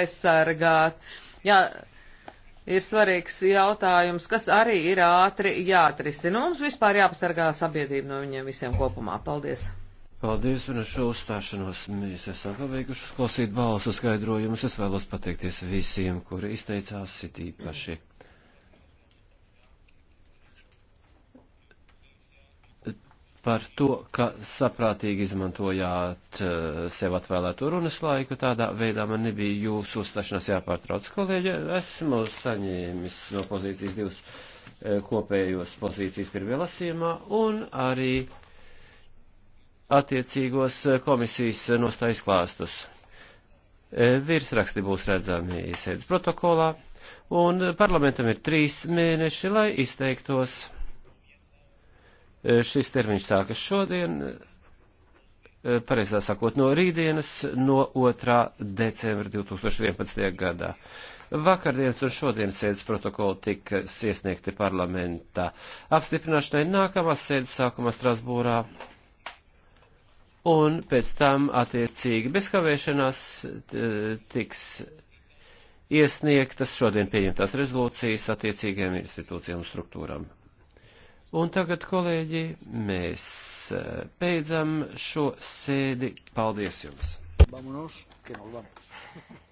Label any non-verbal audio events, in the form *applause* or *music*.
aizsargāt. Jā, ir svarīgs jautājums, kas arī ir ātri jāatrisina. Nu, mums vispār jāpasargā sabiedrība no viņiem visiem kopumā. Paldies! Paldies, un ar šo uzstāšanos mēs esam pabeiguši uzklausīt balsu skaidrojumus. Es vēlos pateikties visiem, kuri izteicās, it īpaši. par to, ka saprātīgi izmantojāt eh, sev atvēlēto runas laiku. Tādā veidā man nebija jūsu uzstāšanās jāpārtrauc. Kolēģi, esmu saņēmis no pozīcijas divas eh, kopējos pozīcijas pirmajā lasījumā un arī attiecīgos eh, komisijas nostājas klāstus. Virsraksti būs redzami sēdes protokolā, un parlamentam ir trīs mēneši, lai izteiktos Eh, šis termiņš sākas šodien, eh, pareizā sakot, no rītdienas, no 2. decembra 2011. gadā. Vakardienas un šodienas sēdes protokoli tika iesniegti parlamentā apstiprināšanai nākamās sēdes sākumā Strasbūrā. Un pēc tam attiecīgi bez kavēšanās eh, tiks iesniegtas šodien pieņemtās rezolūcijas attiecīgajām institūcijām un struktūram. Un tagad, kolēģi, mēs eh, beidzam šo sēdi. Paldies jums! Vamonos, que nos vamos. *laughs*